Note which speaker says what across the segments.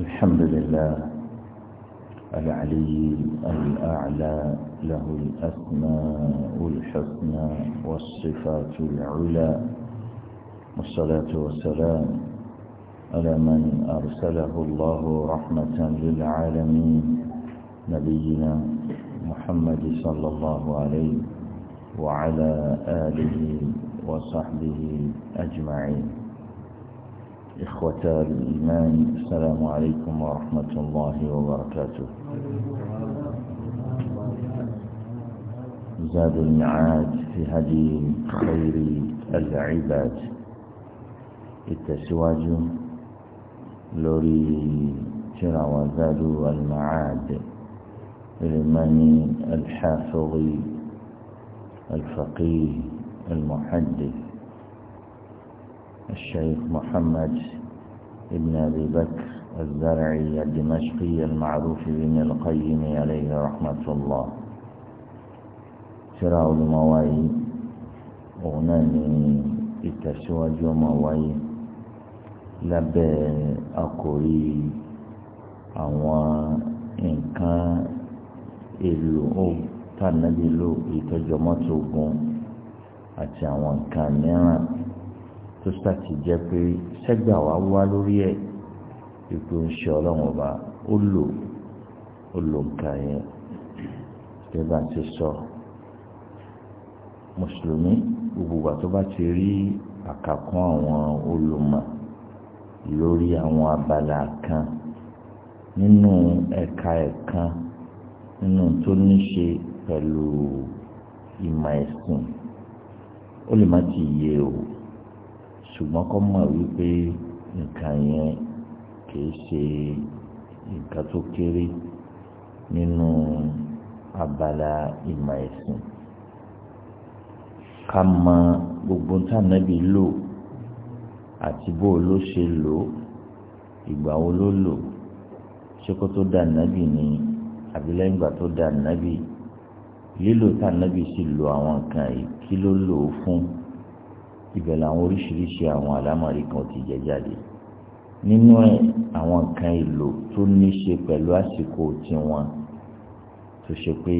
Speaker 1: الحمد لله العلي الأعلى له الأثناء الحسنى والصفات العلى والصلاة والسلام على من أرسله الله رحمة للعالمين نبينا محمد صلى الله عليه وعلى آله وصحبه أجمعين إخوة الإيمان السلام عليكم ورحمة الله وبركاته زاد المعاد في هدي خير العباد التسواج لوري شرع وزاد المعاد لمن الحافظ الفقيه المحدث الشيخ محمد ابن أبي بكر الزرعي الدمشقي المعروف بن القيم عليه رحمة الله شراء المواي أغناني التسواج ومواي لبى أقولي àwọn إن كان tànàbí lò ìtọ́jọmọ́tò ogun àti àwọn tó sàti jẹ́ pé sẹ́gbà wa wá lórí ẹ̀ ipò ń ṣe ọlọ́run ọba ó lò ó lò nǹkan yẹn ṣé bá ti sọ mùsùlùmí gbogbo wa tó bá ti rí àkàkún àwọn olùmọ̀ lórí àwọn abala kan nínú ẹ̀ka ẹ̀kan nínú tó ní ṣe pẹ̀lú ìmọ̀ ẹ̀sìn ó lè má ti yé o ṣùgbọ́n kọ́ mọ̀ wípé nǹkan yẹn kìí ṣe nǹkan tó kéré nínú abala ìmọ̀ ẹ̀sìn ká mọ gbogbo tànàbí lò àti bó o ló ṣe lò ìgbà wo ló lò ṣé kó tó dà nàbì ni àbí lẹ́yìn ìgbà tó dà nàbì lílò tànàbì sì lo àwọn nǹkan yìí kí ló lò ó fún ibẹ̀ làwọn oríṣiríṣi àwọn àlámọ̀rí kan ti jẹ jáde nínú ẹ̀ àwọn nǹkan èlò tó ní ṣe pẹ̀lú àsìkò tiwọn tó ṣe pé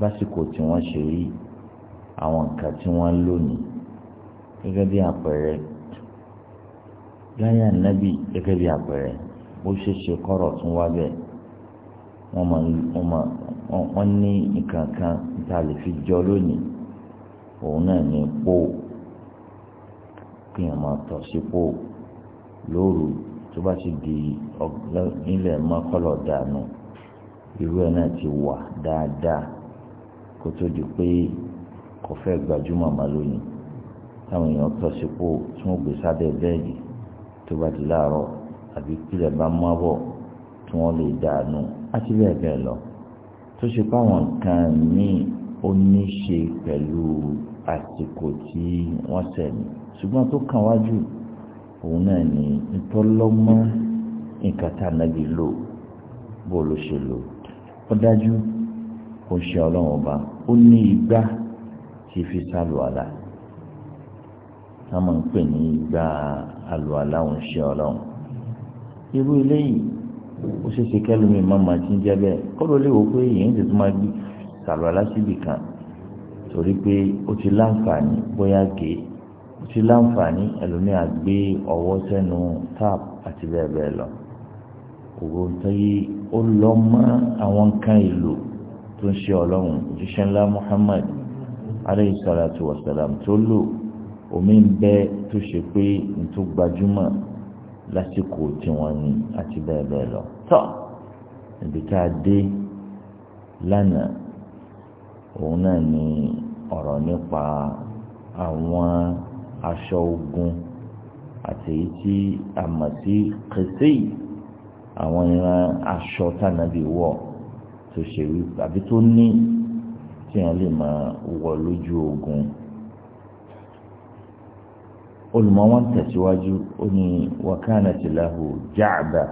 Speaker 1: básìkò tiwọn ṣe rí àwọn nǹkan tí wọ́n lò ní gẹ́gẹ́ bí àpẹẹrẹ láyà nábì gẹ́gẹ́ bí àpẹẹrẹ bó ṣe ṣe kọ́rọ̀ tún wá bẹ́ẹ̀ wọ́n mọ̀ wọ́n mọ̀ wọ́n ní nǹkan kan tá a lè fi jọ lónìí òun náà ní pọ́ọ̀ kéèyàn máa tọ̀ sípò lóru tó bá ti di nílẹ̀ mọ́kọ́lọ̀ dànù irú ẹ̀ náà ti wà dáadáa kó tó di pé kò fẹ́ gbajúmọ̀ máa lónìí táwọn èèyàn tọ̀ sípò tí wọ́n gbé sábẹ́ bẹ́ẹ̀dì tó bá di láàárọ̀ àbí kílẹ̀ bá mọ́ bọ̀ tí wọ́n lè dànù àti bẹ́ẹ̀ bẹ́ẹ̀ lọ tó ṣe pé àwọn nǹkan míì ó ní ṣe pẹ̀lú àsìkò tí wọ́n sẹ̀mí ṣùgbọ́n tó kàn wájú òun náà ni ntọ́lọ́mọ́ nǹkan tá a nàbí lò bó ló ṣe lò ó dájú kò ṣe ọlọ́run ọba ó ní igbá tí fi sálùwàlà táwọn ń pè ní igbá àlùwàlà òun ṣe ọlọ́run irú eléyìí ó ṣeéṣe kẹ́lómi máa máa ti ń jẹ́ bẹ́ẹ̀ kọ́ ló léwu pé èyí ń tètè máa sálùwàlà síbì kan torí pé ó ti láǹfààní bóyá gé ó ti láǹfààní ẹlòmíà gbé ọwọ́ sẹ́nu tap àti bẹ́ẹ̀ bẹ́ẹ̀ lọ òwò tẹ́yí ó lọ mọ́ àwọn nǹkan èlò tó ń ṣe ọlọ́run òjíṣẹ́ ńlá Muhammad alayhi salatu wa salam tó lò omi ń bẹ tó ṣe pé n tó gbajúmọ̀ lásìkò tiwọn ni àti bẹ́ẹ̀ bẹ́ẹ̀ lọ tọ́ ibi tá a dé lánàá òun náà ni ọ̀rọ̀ nípa àwọn aṣọ ogun àti èyí tí a mọ̀ sí kẹsẹ́ yìí àwọn ìran aṣọ tànàbí wọ̀ tó ṣe wí àbí tó ní tí wọ́n lè máa wọ̀ lójú ogun olùmọ̀ wọn tẹ̀síwájú ó ní wakana tìlahu jáàbà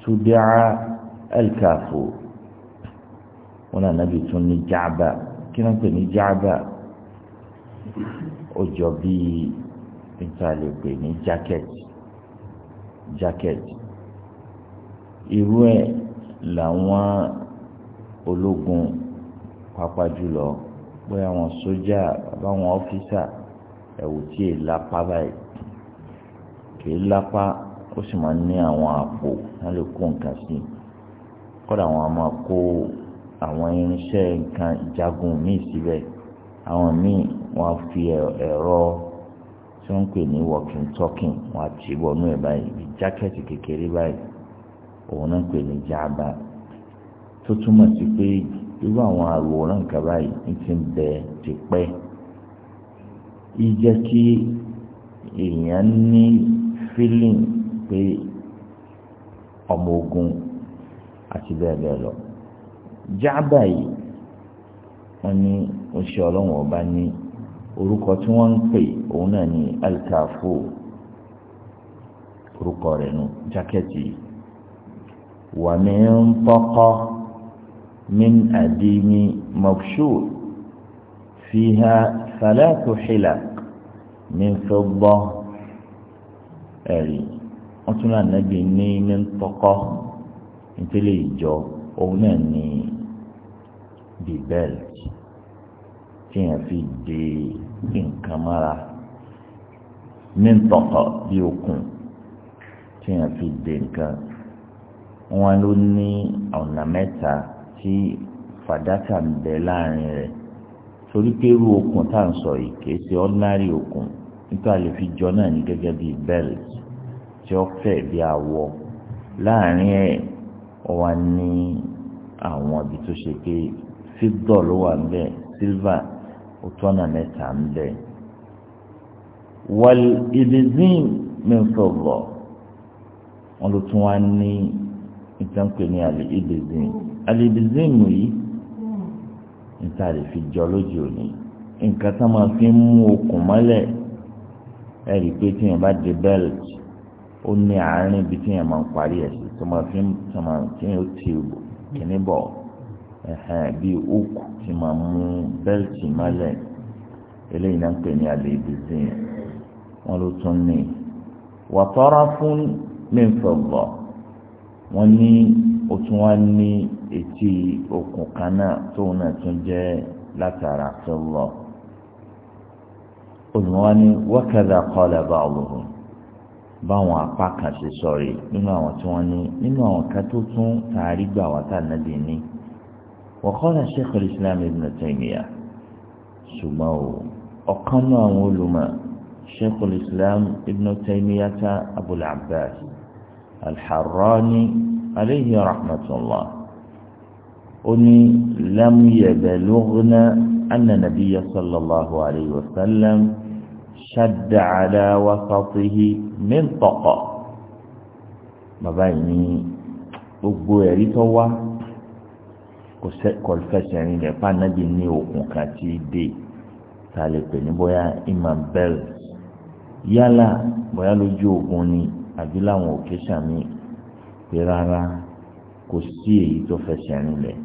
Speaker 1: tó dé alkafo wọn náà nàbì tún ní jáàbà kí ló ń pè ní jáàbà ó jọ bíi níta lè pè ní jákẹ́tì jákẹ́tì irú ẹ̀ làwọn ológun pàápàá jùlọ pé àwọn sójà àbáwọn ọ́fíìsà ẹ̀wù tí èè lápá báyìí kìí lápá ó sì máa ń ní àwọn àpò wọn lè kó nǹkan sí kódà wọn a máa kó àwọn irinṣẹ́ nǹkan ìjagun míì síbẹ̀ àwọn míì wọ́n fi ẹ̀rọ tí wọ́n ń pè ní walking talking wọ́n á ti wọnú ẹ̀ báyìí jákẹ́ẹ̀tì kékeré báyìí òun náà ń pè ní jáàbá tó túmọ̀ sí pé irú àwọn àwòrán nǹkan báyìí ti ń bẹ tipẹ́ ìjẹ́ kí èèyàn ní feeling pé ọmọ ogun àti bẹ́ẹ̀ bẹ́ẹ̀ lọ jábà yìí wọn ní oṣù ọlọ́run ọba ní orúkọ tí wọ́n ń pè òun náà ní alkaafo orúkọ rẹ̀ nù jákẹ́tì wà mí ń tọ́kọ́ min àdínní mọ̀ṣúù fìhà sàlẹ́tù xìlà min fẹ́gbọ́ ẹ̀rí wọ́n tún náà nàgbé ní ní ń nítorí ìjọ òun náà ní the belt tí yẹn fi de nǹkan mọ́ra mintọkọ bí okùn tí yẹn fi de nǹkan wọn ló ní ọ̀nà mẹ́ta tí fàdákà ń bẹ láàrin rẹ̀ torí pé irú okùn tá à ń sọ yìí kìí ṣe ordinary okùn nípa lè fi jọ náà ní gẹ́gẹ́ bíi belt tí ó fẹ̀ bí awọ láàrin ẹ̀ wọ́n ní àwọn ibi tó ṣe pé fídọ̀ ló wà ńbẹ̀ sílvà ó tọ́nà mẹ́ta ńbẹ̀. wàl ìdìzín mẹ́fọ̀bọ̀ wọn ló tún wá ní ìtànkùn ní àlè ìdìzín àlè ìdìzín mú yìí níta lè fi jọ lójú òní nǹkan tá máa fi ń mú okùn mọ́lẹ̀ ẹ rí i pé tíyẹn bá de belt ó ní àárín ibi tíyẹn máa ń parí ẹ̀ tó máa fi ń tíyẹn ó ti kìíní bọ̀ bíi òkú tí máa mú bẹ́ẹ̀tì mọ́lẹ̀ eléyìí náà ń pè ní alibizin wọn ló tún ní wàtọ́ra fún mẹ́fọ̀gbọ̀ wọn ní o tún wá ní etí okùn kan náà tóun náà tún jẹ́ látara fẹ́lọ́ olùmọ́wá wákàdà kọ́lá bá olùhùn báwọn apá kan ṣe sọ̀rọ̀ nínú àwọn tí wọ́n ní nínú àwọn kan tó tún tààrí gbà wá tà náà ní. وقال شيخ الإسلام ابن تيمية سمو أقام علماء شيخ الإسلام ابن تيمية أبو العباس الحراني عليه رحمة الله أني لم يبلغنا أن النبي صلى الله عليه وسلم شد على وسطه منطقة ما بيني أبو ẹ̀rí kò fẹsẹ̀ rìn lẹ̀ pa anabi ní okùn kan tí í dé ta lè pè ní bóyá imam bell yálà bóyá lójú ogun ni àbí láwọn òkè sàmì pé rárá kò sí èyí tó fẹsẹ̀ rìn lẹ̀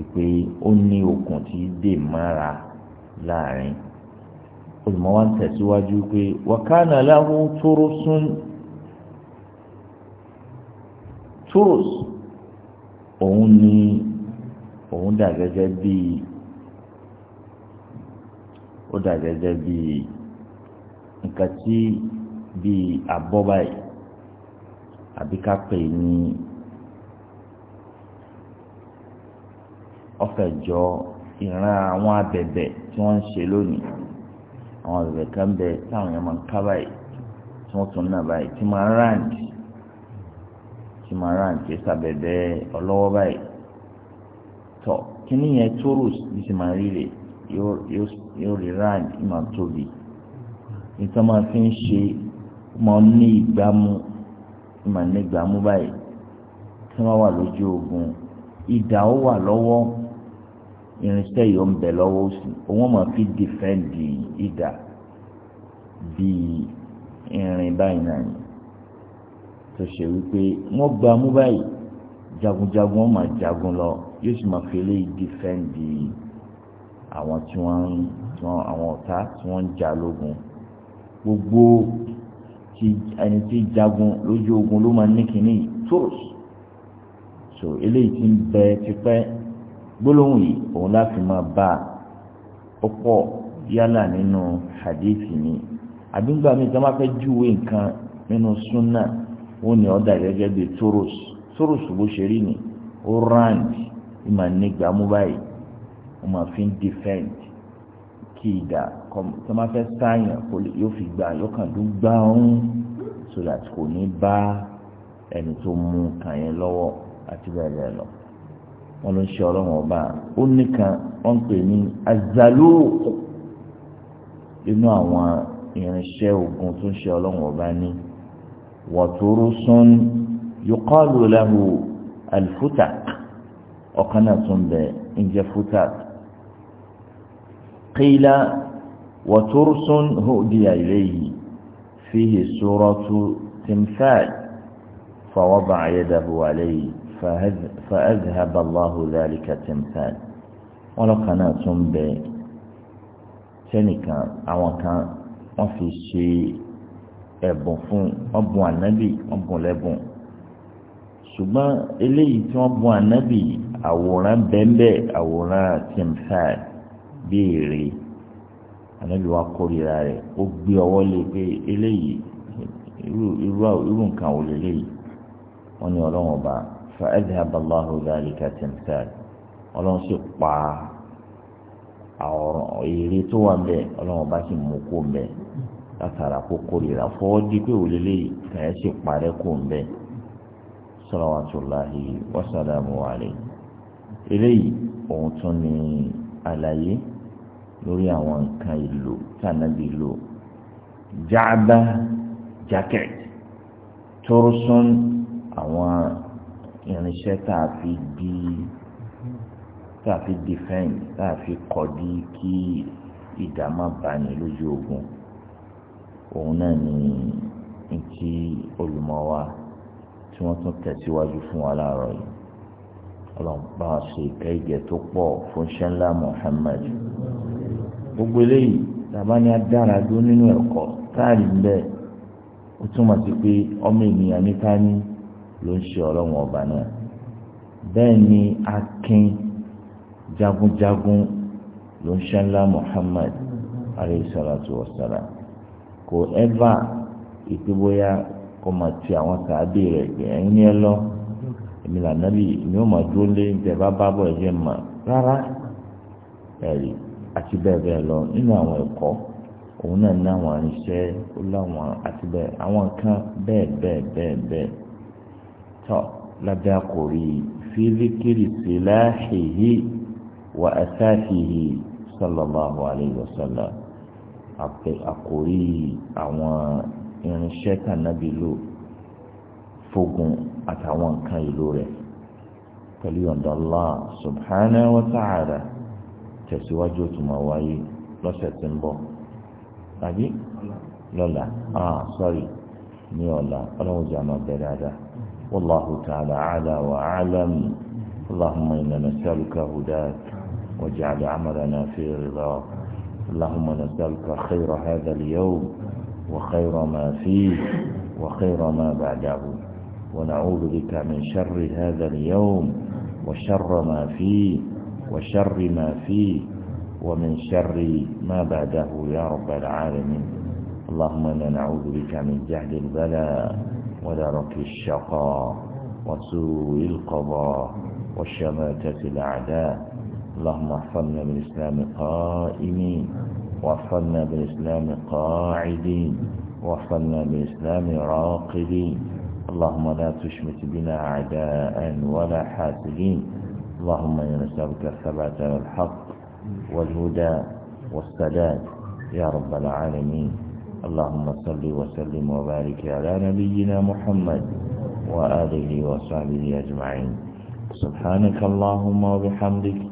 Speaker 1: ìpè ó ní okùn tí dé mára láàrin olùmọ̀ wa ń tẹ̀síwájú pé wàkánà lahu túrúsún túrúsún òun ni òun dà gẹ́gẹ́ bíi ó dà gẹ́gẹ́ bíi nǹkan tí bíi abọ́ báyìí àbí ká pè é ní ọ̀fẹ́jọ́ ìran àwọn abẹ̀bẹ̀ tí wọ́n ń ṣe lónìí àwọn abẹ̀bẹ̀ kan bẹ táwọn èèyàn máa ń ká báyìí tí wọ́n tún nà báyìí tí máa ń ráǹdì tí máa ń ráǹdì sábẹ̀bẹ̀ ọlọ́wọ́ báyìí tọ̀ kíní yẹn torus bí sì máa rí rè yóò rí rand ìmọ̀ tóbi nítorí máa fi ń ṣe máa ní ìgbámú ìmọ̀ ní ìgbámú báyìí tí wọ́n wà lójú ogun ìdá ó wà lọ́wọ́ irinṣẹ́ yìí ó ń bẹ lọ́wọ́ sí òun máa fi dìfẹ́ǹdì ìdá bíi irin báyìí náà ni tó ṣe wípé wọ́n gbámú báyìí jagunjagun ó máa jagun lọ yóò sì máa fi eléyìí dìfẹ́ǹdì àwọn tí wọ́n ń àwọn ọ̀tá tí wọ́n ń jà lógun gbogbo tí ẹni tí jagun lójú ogun ló máa ní kínní tóòs so eléyìí ti ń bẹ tipẹ́ gbólóhùn yìí òun láti máa bá a ọ̀pọ̀ yálà nínú hadithi ni àbí ńgbà mi tí wọ́n bá fẹ́ júwe nǹkan nínú súnà wọ́n ní ọ̀dà gẹ́gẹ́ bíi tóòs sọ̀rọ̀ ṣùgbọ́n ṣe rí ni ó ráǹdì ìmọ̀ nígbà mú báyìí wọ́n máa fi ń defend kí ìdá tó máa fẹ́ sáyàn yóò fi gbà yóò kàn dún gbà ń so that kò ní bá ẹni tó mú kàn yẹn lọ́wọ́ àti bẹ́ẹ̀ bẹ́ẹ̀ lọ wọn ló ń ṣe ọlọ́run ọba ó nìkan wọ́n pè ní azalóòkù inú àwọn irinṣẹ́ ogun tó ń ṣe ọlọ́run ọba ní wọ́tòrò sọ́ni yòkọ́lù lẹ́hu alifutak ọ̀kan náà tún bẹ ǹjẹ́ futak qila wàtúrúsùn hùdìyà ilayhi fihi suratu timthal فوضع يده عليه فأذهب الله ذلك التمثال ولقد ناتم tẹnìkan àwọn kan wọn fi ṣe ẹbùn fún wọn bùn ànábì wọn bùn lẹbùn ṣùgbọ́n eléyìí tí wọ́n bu ànábì àwòrán bẹ́ńbẹ́ àwòrán tìǹfàd bí èrè ànábì wa kórìíra rẹ̀ ó gbé ọwọ́ lé pé eléyìí irú irú nǹkan wò lélẹ́yìí wọ́n ní ọlọ́run ọba fa adhhaba Allahu dhalika tìǹfàd ọlọ́run sì pa àwọn èrè tó wà bẹ́ẹ̀ ọlọ́run ọba sì mú kó bẹ́ẹ̀ látara kó kórìíra fọwọ́ di pé òlélẹ́yìí kàyẹ́ sì parẹ́ kó bẹ́ẹ̀ salawatullahi wasalamu alayhi eléyìí òun tún ní àlàyé lórí àwọn nǹkan ìlò tànàbí lò jáàbá jacket tórósún àwọn irinṣẹ́ tá a fi di tá a fi defend tá a fi kọ̀dí kí ìdá bani lójú ogun òun náà ní ntí olùmọ̀ wa tí wọ́n tún tẹ̀síwájú fún wa láàárọ̀ yìí ọlọ́run bá wa ṣe ìkẹ́ ìgẹ̀ tó pọ̀ fún ṣẹ́ńlá Muhammad gbogbo eléyìí tàbá ni adára dó nínú ẹ̀kọ́ táàrí ń bẹ́ẹ̀ ó túmọ̀ sí pé ọmọ ènìyàn níta ló ń ṣe ọlọ́run ọba náà bẹ́ẹ̀ ni akin jagunjagun ló ń ṣẹ́ńlá Muhammad alayhi salatu wa salam kò ẹ́fà ìpébóyá kó máa ti àwọn sàábì rẹ̀ gbẹ̀ ẹ̀yìn ní ẹ lọ èmi lànàbì ni ó máa dúró lé níta bá bá bọ̀ ẹ̀jẹ̀ mà rárá ẹ̀rí àti bẹ́ẹ̀ bẹ́ẹ̀ lọ nínú àwọn ẹ̀kọ́ òun náà ní àwọn irinṣẹ́ ó láwọn àti bẹ́ẹ̀ àwọn kan bẹ́ẹ̀ bẹ́ẹ̀ bẹ́ẹ̀ bẹ́ẹ̀ tọ́ lábẹ́ àkòrí fílíkìrì síláhìhì wà ẹ̀sáfìhì sallallahu alayhi wa sallam àkòrí àwọn irinṣẹ́ tànàbí lò fógun àtàwọn nǹkan ìlú rẹ̀ pẹ̀lú ọ̀dọ̀ Allah subhanahu wa ta'ala tẹ̀síwájú tó máa wáyé lọ́sẹ̀ tí ń bọ̀ tàbí lọ́la ah sorry ní ọ̀la ọlọ́run jẹ́ àmọ́ bẹ̀rẹ̀ dáadáa wallahu ta'ala ala wa alam اللهم inna nas'aluka hudak waj'al amalana fi ridak allahumma nas'aluka khayra hadha al وخير ما فيه وخير ما بعده ونعوذ بك من شر هذا اليوم وشر ما فيه وشر ما فيه ومن شر ما بعده يا رب العالمين اللهم انا نعوذ بك من جهل البلاء ودرك الشقاء وسوء القضاء وشماتة الأعداء اللهم احفظنا من الإسلام قائمين واحفظنا بالإسلام قاعدين واحفظنا بالإسلام راقدين اللهم لا تشمت بنا أعداء ولا حاسدين اللهم إنا نسألك الثبات على الحق والهدى والسداد يا رب العالمين اللهم صل وسلم وبارك على نبينا محمد وآله وصحبه أجمعين سبحانك اللهم وبحمدك